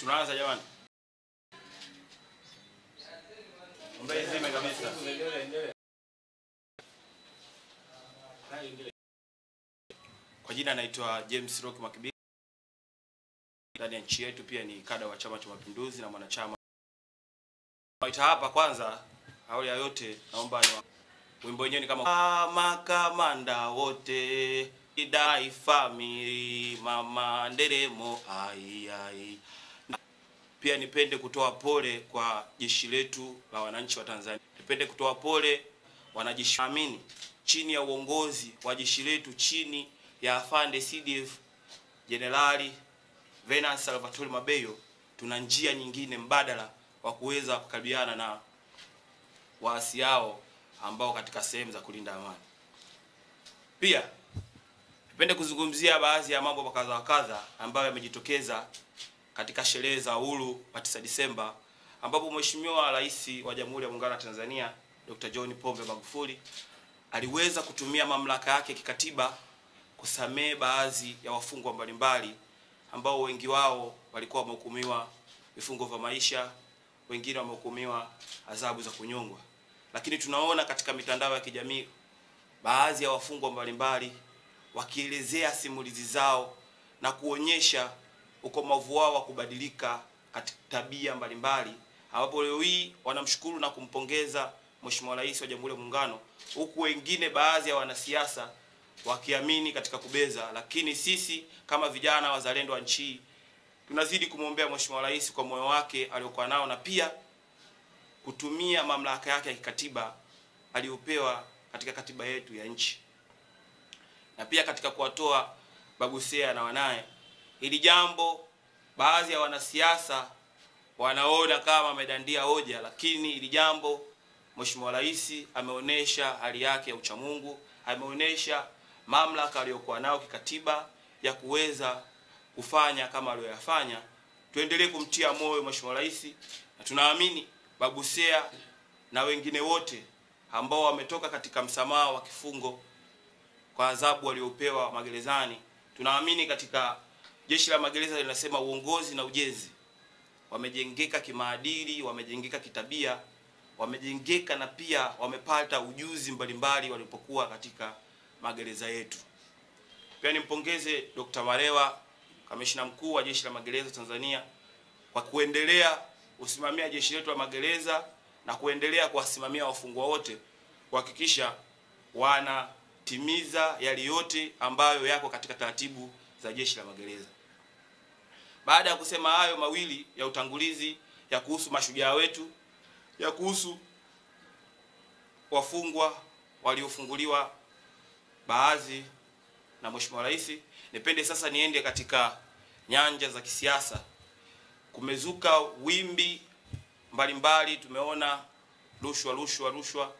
Tunaanza jamani. majina anaitwa James Rock Makibi. Ndani ya nchi yetu pia ni kada wa Chama cha Mapinduzi na mwanachama. Naita hapa kwanza, awali ya yote naomba ni wimbo wenyewe ni kama ah, kamanda wote idai famili mama nderemo ai ai. Pia nipende kutoa pole kwa jeshi letu la wananchi wa Tanzania. Nipende kutoa pole wanajeshi amini chini ya uongozi wa jeshi letu chini ya afande CDF Jenerali Venance Salvatore Mabeyo, tuna njia nyingine mbadala wa kuweza kukabiliana na waasi hao ambao katika sehemu za kulinda amani. Pia tupende kuzungumzia baadhi ya mambo kadha wa kadha ambayo yamejitokeza katika sherehe za uhuru wa 9 Disemba ambapo Mheshimiwa Rais wa Jamhuri ya Muungano wa Tanzania Dr. John Pombe Magufuli aliweza kutumia mamlaka yake kikatiba kusamehe baadhi ya wafungwa mbalimbali ambao wengi wao walikuwa wamehukumiwa vifungo vya maisha, wengine wamehukumiwa adhabu za kunyongwa. Lakini tunaona katika mitandao ya kijamii baadhi ya wafungwa mbalimbali wakielezea simulizi zao na kuonyesha ukomavu wao wa kubadilika katika tabia mbalimbali, ambapo leo hii wanamshukuru na kumpongeza Mheshimiwa Rais wa Jamhuri ya Muungano, huku wengine baadhi ya wanasiasa wakiamini katika kubeza, lakini sisi kama vijana wazalendo wa nchi tunazidi kumwombea Mheshimiwa Rais kwa moyo wake aliokuwa nao na pia kutumia mamlaka yake ya kikatiba aliyopewa katika katiba yetu ya nchi na pia katika kuwatoa Bagusea na wanaye. Hili jambo baadhi ya wanasiasa wanaona kama amedandia hoja, lakini hili jambo Mheshimiwa Rais ameonyesha hali yake ya uchamungu, ameonyesha mamlaka aliyokuwa nayo kikatiba ya kuweza kufanya kama aliyoyafanya. Tuendelee kumtia moyo Mheshimiwa Rais, na tunaamini Babu Seya na wengine wote ambao wametoka katika msamaha wa kifungo kwa adhabu waliopewa magerezani. Tunaamini katika jeshi la magereza linasema uongozi na ujenzi, wamejengeka kimaadili, wamejengeka kitabia, wamejengeka na pia wamepata ujuzi mbalimbali walipokuwa katika magereza yetu. Pia nimpongeze Dr. Warewa, kamishina mkuu wa jeshi la magereza Tanzania, kwa kuendelea usimamia jeshi letu la magereza na kuendelea kuwasimamia wafungwa wote kuhakikisha wanatimiza yale yote ambayo yako katika taratibu za jeshi la magereza. Baada ya kusema hayo mawili ya utangulizi ya kuhusu mashujaa wetu, ya kuhusu wafungwa waliofunguliwa baadhi na Mheshimiwa Rais, nipende sasa niende katika nyanja za kisiasa. Kumezuka wimbi mbalimbali, tumeona rushwa rushwa rushwa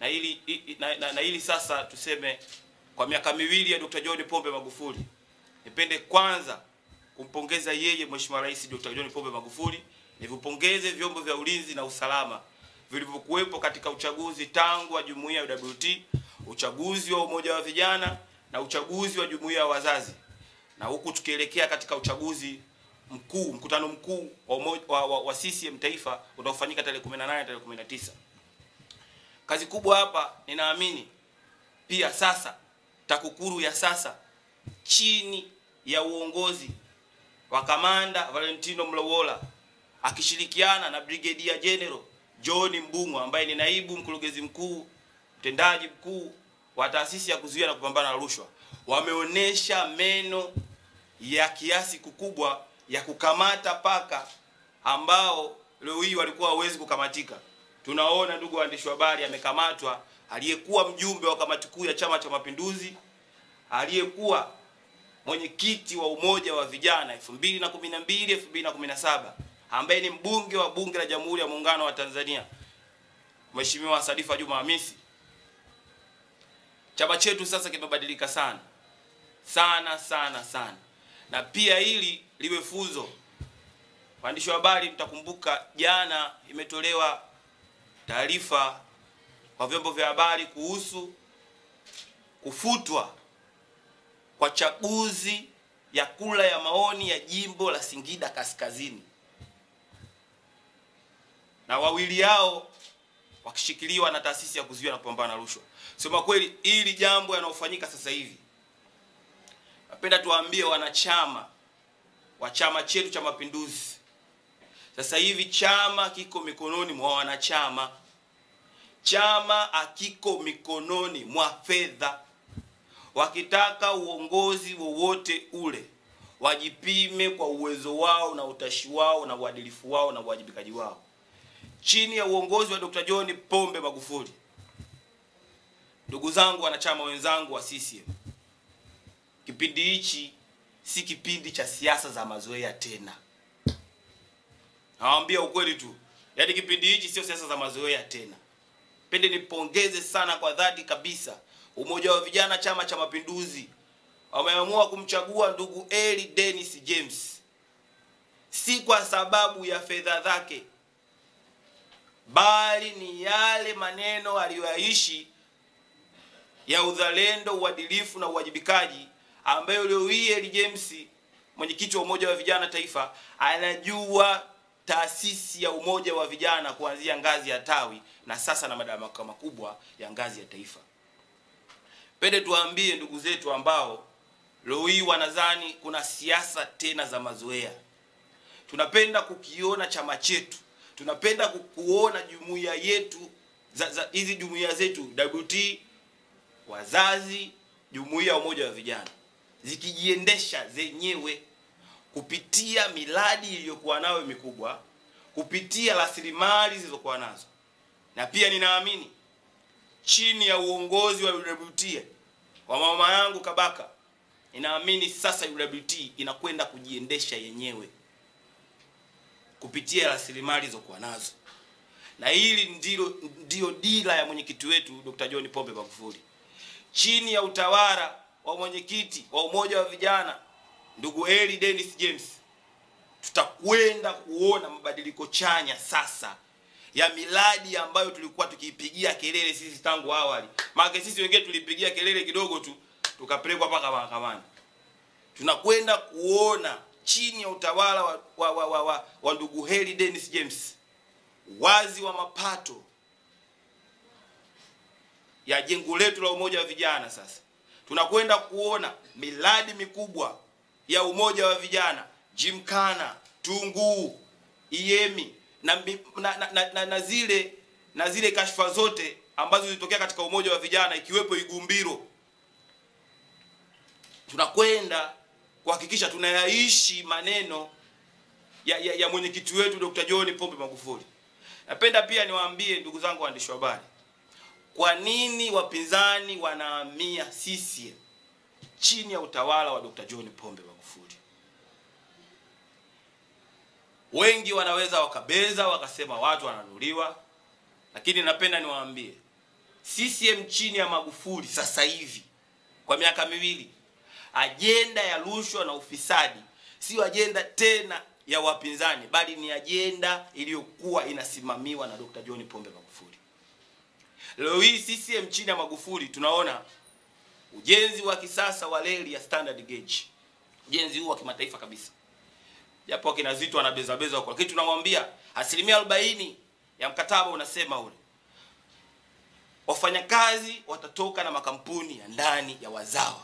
na hili, na, na, na hili sasa tuseme kwa miaka miwili ya Dr. John Pombe Magufuli, nipende kwanza kumpongeza yeye Mheshimiwa Rais Dr. John Pombe Magufuli, nivipongeze vyombo vya ulinzi na usalama vilivyokuwepo katika uchaguzi tangu wa jumuiya ya WT uchaguzi wa umoja wa vijana na uchaguzi wa jumuiya ya wazazi, na huku tukielekea katika uchaguzi mkuu, mkutano mkuu wa, wa, wa, wa CCM taifa utaofanyika tarehe 18 tarehe 19. Kazi kubwa hapa, ninaamini pia sasa TAKUKURU ya sasa chini ya uongozi wa kamanda Valentino Mlowola akishirikiana na brigedia General John mbungu ambaye ni naibu mkurugenzi mkuu mtendaji mkuu wa taasisi ya kuzuia na kupambana na rushwa wameonyesha meno ya kiasi kikubwa ya kukamata paka ambao leo hii walikuwa hawezi kukamatika. Tunaona ndugu waandishi wa habari, amekamatwa aliyekuwa mjumbe wa kamati kuu ya Chama cha Mapinduzi, aliyekuwa mwenyekiti wa umoja wa vijana 2012 2017, ambaye ni mbunge wa bunge la Jamhuri ya Muungano wa Tanzania, Mheshimiwa Sadifa Juma Hamisi Chama chetu sasa kimebadilika sana sana sana sana, na pia hili liwe funzo. Waandishi wa habari, mtakumbuka jana imetolewa taarifa kwa vyombo vya habari kuhusu kufutwa kwa chaguzi ya kura ya maoni ya jimbo la Singida Kaskazini, na wawili hao wakishikiliwa na taasisi ya kuzuia na kupambana na rushwa. Sema kweli, ili jambo yanayofanyika sasa hivi, napenda tuwaambie wanachama wa chama chetu cha Mapinduzi, sasa hivi chama kiko mikononi mwa wanachama. Chama akiko mikononi mwa fedha. Wakitaka uongozi wowote ule wajipime kwa uwezo wao na utashi wao na uadilifu wao na uwajibikaji wao chini ya uongozi wa Dr. John Pombe Magufuli. Ndugu zangu wanachama wenzangu wa CCM, kipindi hichi si kipindi cha siasa za mazoea tena. Nawaambia ukweli tu, yaani kipindi hichi sio siasa za mazoea tena. Pende nipongeze sana kwa dhati kabisa umoja wa vijana Chama cha Mapinduzi wameamua kumchagua ndugu Eli Dennis James si kwa sababu ya fedha zake, bali ni yale maneno aliyoyaishi ya uzalendo, uadilifu na uwajibikaji ambayo leo hii Eli James, mwenyekiti wa Umoja wa Vijana Taifa, anajua taasisi ya Umoja wa Vijana kuanzia ngazi ya tawi na sasa na madaraka makubwa ya ngazi ya taifa. Pende tuambie ndugu zetu ambao leo hii wanadhani kuna siasa tena za mazoea, tunapenda kukiona chama chetu tunapenda kuona jumuiya yetu hizi jumuiya zetu WT, wazazi, jumuiya umoja wa vijana zikijiendesha zenyewe kupitia miradi iliyokuwa nayo mikubwa, kupitia rasilimali zilizokuwa nazo, na pia ninaamini chini ya uongozi wa UWT wa mama yangu Kabaka, ninaamini sasa UWT inakwenda kujiendesha yenyewe kupitia rasilimali zokuwa nazo, na hili ndilo ndiyo dira ya mwenyekiti wetu Dr. John Pombe Magufuli chini ya utawala wa mwenyekiti wa umoja wa vijana ndugu Eli Dennis James, tutakwenda kuona mabadiliko chanya sasa ya miradi ambayo tulikuwa tukiipigia kelele sisi tangu awali. Maana sisi wengine tulipigia kelele kidogo tu tukapelekwa mpaka mahakamani. Tunakwenda kuona chini ya utawala wa, wa, wa, wa, wa, wa ndugu heli Dennis James, wazi wa mapato ya jengo letu la umoja wa vijana. Sasa tunakwenda kuona miradi mikubwa ya umoja wa vijana Jimkana, Tunguu, Iemi na, na, na, na, na zile na zile kashfa zote ambazo zilitokea katika umoja wa vijana ikiwepo Igumbiro tunakwenda kuhakikisha tunayaishi maneno ya, ya, ya mwenyekiti wetu Dr. John Pombe Magufuli. Napenda pia niwaambie ndugu zangu waandishi wa habari, kwa nini wapinzani wanahamia CCM chini ya utawala wa Dr. John Pombe Magufuli? Wengi wanaweza wakabeza wakasema watu wananuliwa, lakini napenda niwaambie CCM chini ya Magufuli sasa hivi kwa miaka miwili ajenda ya rushwa na ufisadi sio ajenda tena ya wapinzani, bali ni ajenda iliyokuwa inasimamiwa na Dr. John Pombe Magufuli. Leo hii CCM chini ya Magufuli tunaona ujenzi wa kisasa wa reli ya standard gauge, ujenzi huu wa kimataifa kabisa, japo akina Zito anabezabeza huko, lakini tunamwambia asilimia arobaini ya mkataba unasema ule wafanyakazi watatoka na makampuni ya ndani ya wazawa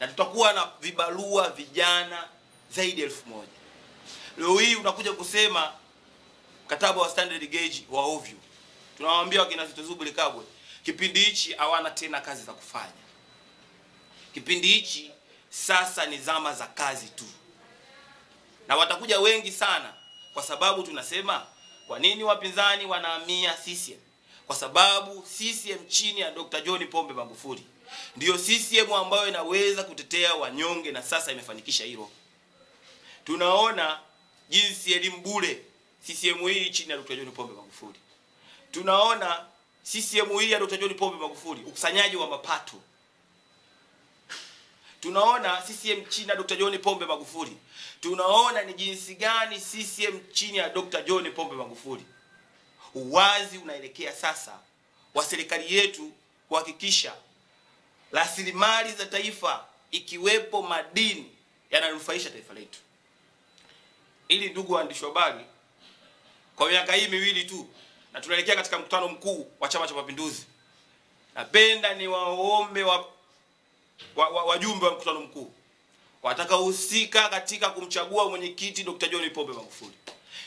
na tutakuwa na vibarua vijana zaidi elfu moja. Leo hii unakuja kusema mkataba wa standard gauge wa ovyo. Tunawaambia wakina Zitto Zuberi Kabwe, kipindi hichi hawana tena kazi za kufanya. Kipindi hichi sasa ni zama za kazi tu, na watakuja wengi sana, kwa sababu tunasema kwa nini wapinzani wanahamia CCM? Kwa sababu CCM chini ya Dr. John Pombe Magufuli ndiyo CCM ambayo inaweza kutetea wanyonge, na sasa imefanikisha hilo. Tunaona jinsi elimu bure CCM hii chini ya Dr. John Pombe Magufuli. Tunaona CCM hii ya Dr. John Pombe Magufuli ukusanyaji wa mapato. Tunaona CCM chini ya Dr. John Pombe Magufuli. Tunaona ni jinsi gani CCM chini ya Dr. John Pombe Magufuli uwazi unaelekea sasa wa serikali yetu kuhakikisha rasilimali za taifa ikiwepo madini yananufaisha taifa letu. Ili ndugu waandishi wa habari, kwa miaka hii miwili tu na tunaelekea katika mkutano mkuu wa Chama cha Mapinduzi, napenda ni waombe wa, wa, wa, wajumbe wa mkutano mkuu watakaohusika katika kumchagua mwenyekiti Dr. John Pombe Magufuli.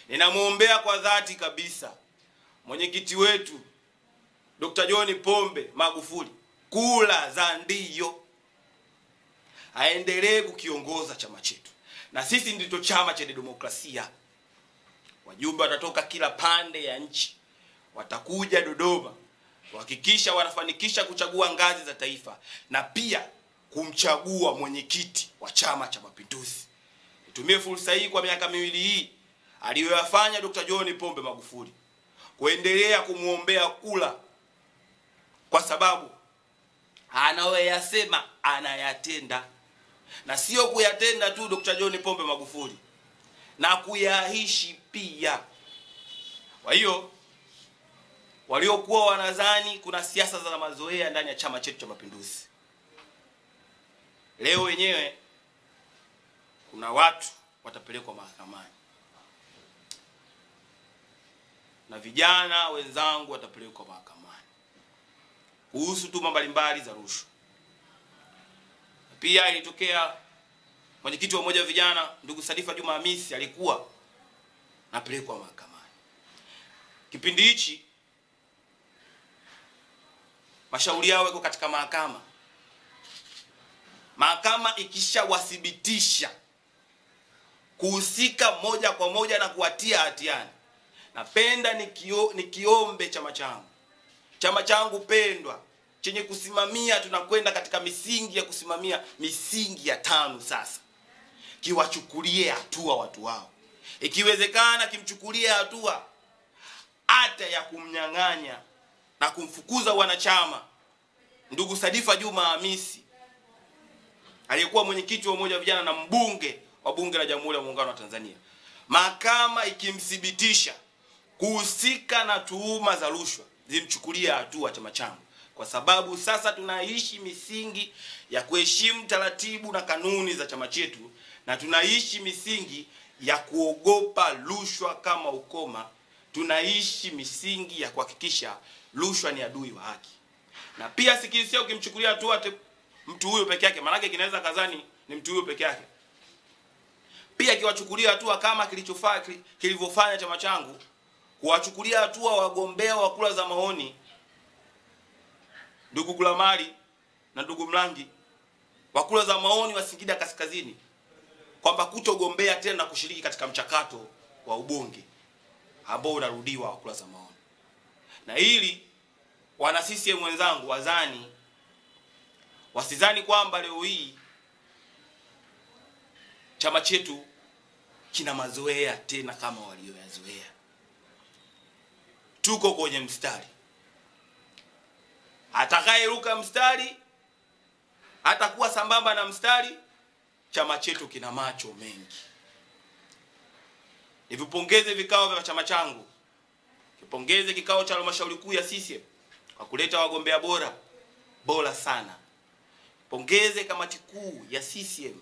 Ninamwombea kwa dhati kabisa mwenyekiti wetu Dr. John Pombe Magufuli kula za ndio, aendelee kukiongoza chama chetu, na sisi ndicho chama cha demokrasia. Wajumbe watatoka kila pande ya nchi, watakuja Dodoma kuhakikisha wanafanikisha kuchagua ngazi za taifa na pia kumchagua mwenyekiti wa Chama cha Mapinduzi. Nitumie fursa hii kwa miaka miwili hii aliyoyafanya Dr. John Pombe Magufuli kuendelea kumwombea kula kwa sababu anayoyasema anayatenda, na sio kuyatenda tu Dr. John Pombe Magufuli, na kuyaishi pia. Kwa hiyo waliokuwa wanadhani kuna siasa za mazoea ndani ya chama chetu cha Mapinduzi, leo wenyewe kuna watu watapelekwa mahakamani na vijana wenzangu watapelekwa mahakamani kuhusu tuma mbalimbali za rushwa. Pia ilitokea mwenyekiti wa umoja wa vijana ndugu Sadifa Juma Hamisi alikuwa napelekwa mahakamani. Kipindi hichi mashauri yao yako katika mahakama. Mahakama ikishawathibitisha kuhusika moja kwa moja na kuwatia hatiani, napenda nikio, nikiombe chama changu chama changu pendwa chenye kusimamia, tunakwenda katika misingi ya kusimamia misingi ya tano. Sasa kiwachukulie hatua watu wao, ikiwezekana kimchukulie hatua hata ya kumnyang'anya na kumfukuza wanachama ndugu Sadifa Juma Hamisi aliyekuwa mwenyekiti wa umoja wa vijana na mbunge wa bunge la Jamhuri ya Muungano wa Tanzania, mahakama ikimthibitisha kuhusika na tuhuma za rushwa zimchukulia hatua chama changu, kwa sababu sasa tunaishi misingi ya kuheshimu taratibu na kanuni za chama chetu, na tunaishi misingi ya kuogopa rushwa kama ukoma. Tunaishi misingi ya kuhakikisha rushwa ni adui wa haki, na pia sikilisia ukimchukulia hatua mtu huyo peke yake, maanake kinaweza kazani ni mtu huyo peke yake pia kiwachukulia hatua kama kilichofaa kilivyofanya chama changu kuwachukulia hatua wagombea wa kura za maoni ndugu Gulamali na ndugu Mlangi wa kura za maoni wa Singida Kaskazini kwamba kutogombea tena kushiriki katika mchakato wa ubunge ambao unarudiwa wa kura za maoni, na ili wana CCM wenzangu wazani wasizani kwamba leo hii chama chetu kina mazoea tena kama walioyazoea tuko kwenye mstari. Atakayeruka mstari atakuwa sambamba na mstari. Chama chetu kina macho mengi. Nivipongeze vikao vya chama changu, kipongeze kikao cha halmashauri kuu ya CCM kwa kuleta wagombea bora bora sana. Pongeze kamati kuu ya CCM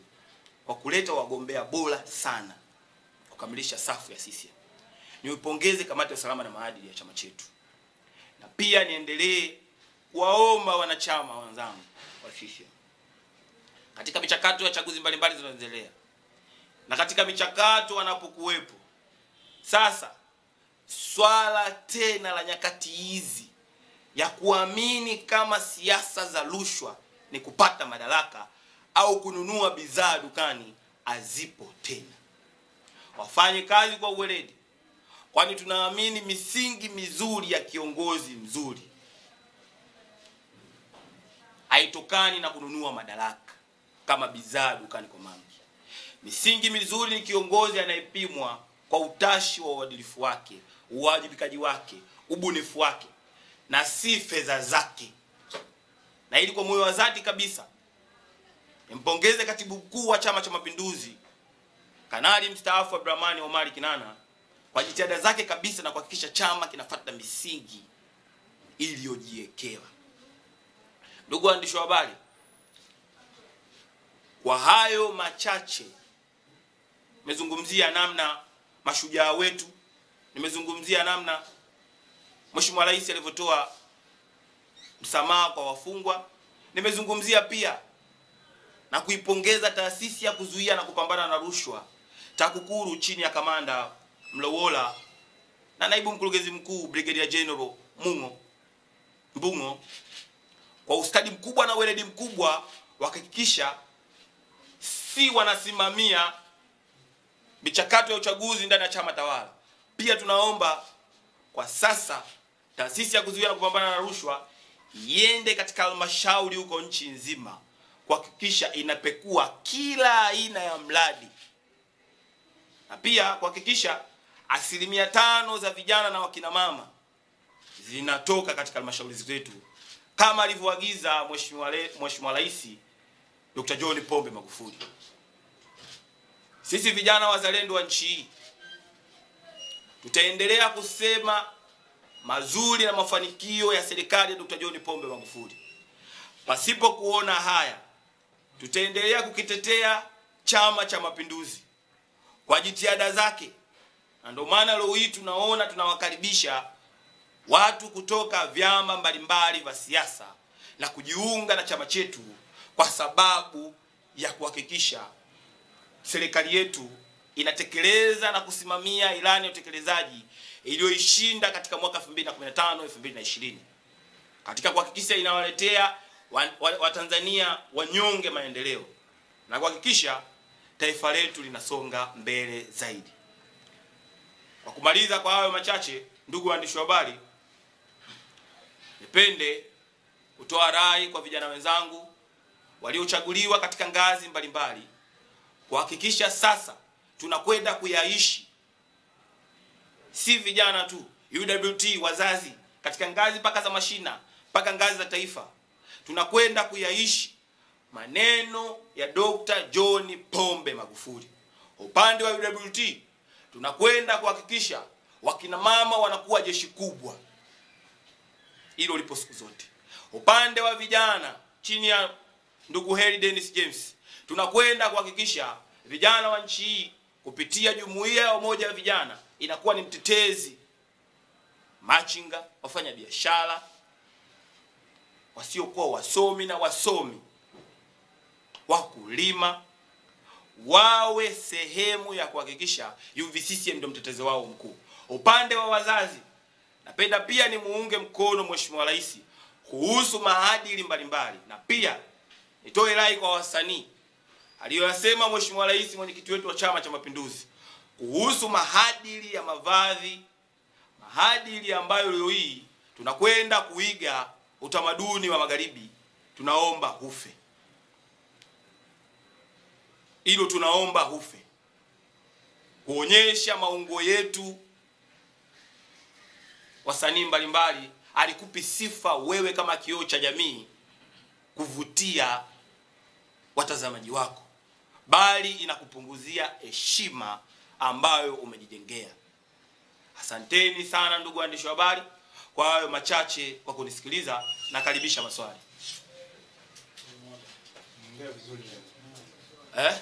kwa kuleta wagombea bora sana kukamilisha safu ya CCM niupongeze kamati ya usalama na maadili ya chama chetu, na pia niendelee kuwaomba wanachama wenzangu wa CCM katika michakato ya chaguzi mbalimbali zinazoendelea na katika michakato wanapokuwepo sasa, swala tena la nyakati hizi ya kuamini kama siasa za rushwa ni kupata madaraka au kununua bidhaa dukani hazipo tena. Wafanye kazi kwa uweledi kwani tunaamini misingi mizuri ya kiongozi mzuri haitokani na kununua madaraka kama bidhaa dukani kwa mangi. Misingi mizuri ni kiongozi anayepimwa kwa utashi wa uadilifu wake, uwajibikaji wake, ubunifu wake na si fedha zake. Na ili kwa moyo wa dhati kabisa nimpongeze katibu mkuu wa Chama cha Mapinduzi Kanali mstaafu Abdurahmani Omari Kinana kwa jitihada zake kabisa na kuhakikisha chama kinafuata misingi iliyojiwekewa. Ndugu waandishi wa habari, kwa hayo machache nimezungumzia namna mashujaa wetu, nimezungumzia namna Mheshimiwa Rais alivyotoa msamaha kwa wafungwa, nimezungumzia pia na kuipongeza taasisi ya kuzuia na kupambana na rushwa TAKUKURU chini ya kamanda Mlowola na naibu mkurugenzi mkuu Brigadier General Mung'o Mbung'o kwa ustadi mkubwa na weledi mkubwa wakahakikisha si wanasimamia michakato ya uchaguzi ndani ya chama tawala. Pia tunaomba kwa sasa taasisi ya kuzuia na kupambana na rushwa iende katika halmashauri huko nchi nzima kuhakikisha inapekua kila aina ya mradi na pia kuhakikisha asilimia tano za vijana na wakina mama zinatoka katika halmashauri zetu kama alivyoagiza Mheshimiwa Rais Dr. John Pombe Magufuli. Sisi vijana wazalendo wa nchi hii tutaendelea kusema mazuri na mafanikio ya serikali ya Dr. John Pombe Magufuli. Pasipo kuona haya, tutaendelea kukitetea Chama cha Mapinduzi kwa jitihada zake na ndio maana leo hii tunaona tunawakaribisha watu kutoka vyama mbalimbali vya siasa na kujiunga na chama chetu kwa sababu ya kuhakikisha serikali yetu inatekeleza na kusimamia ilani ya utekelezaji iliyoishinda katika mwaka 2015 2020 katika kuhakikisha inawaletea Watanzania wanyonge maendeleo na kuhakikisha taifa letu linasonga mbele zaidi. Kwa kumaliza kwa hayo machache, ndugu waandishi wa habari, nipende kutoa rai kwa vijana wenzangu waliochaguliwa katika ngazi mbalimbali kuhakikisha sasa tunakwenda kuyaishi, si vijana tu, UWT, wazazi, katika ngazi mpaka za mashina mpaka ngazi za taifa, tunakwenda kuyaishi maneno ya Dr. John Pombe Magufuli. Upande wa UWT tunakwenda kuhakikisha wakina mama wanakuwa jeshi kubwa, hilo lipo siku zote. Upande wa vijana chini ya ndugu Heri Dennis James, tunakwenda kuhakikisha vijana wa nchi hii kupitia jumuiya ya umoja wa vijana inakuwa ni mtetezi machinga, wafanya biashara, wasiokuwa wasomi na wasomi, wakulima wawe sehemu ya kuhakikisha UVCCM ndio mtetezi wao mkuu. Upande wa wazazi, napenda pia ni muunge mkono Mheshimiwa Rais kuhusu maadili mbalimbali, na pia nitoe rai kwa wasanii aliyoyasema Mheshimiwa Rais, mwenyekiti wetu wa Chama cha Mapinduzi, kuhusu maadili ya mavazi, maadili ambayo leo hii tunakwenda kuiga utamaduni wa Magharibi, tunaomba hufe hilo tunaomba hufe, kuonyesha maungo yetu. Wasanii mbalimbali alikupi sifa wewe kama kioo cha jamii kuvutia watazamaji wako, bali inakupunguzia heshima ambayo umejijengea. Asanteni sana ndugu waandishi wa habari kwa hayo machache kwa kunisikiliza, nakaribisha maswali. É?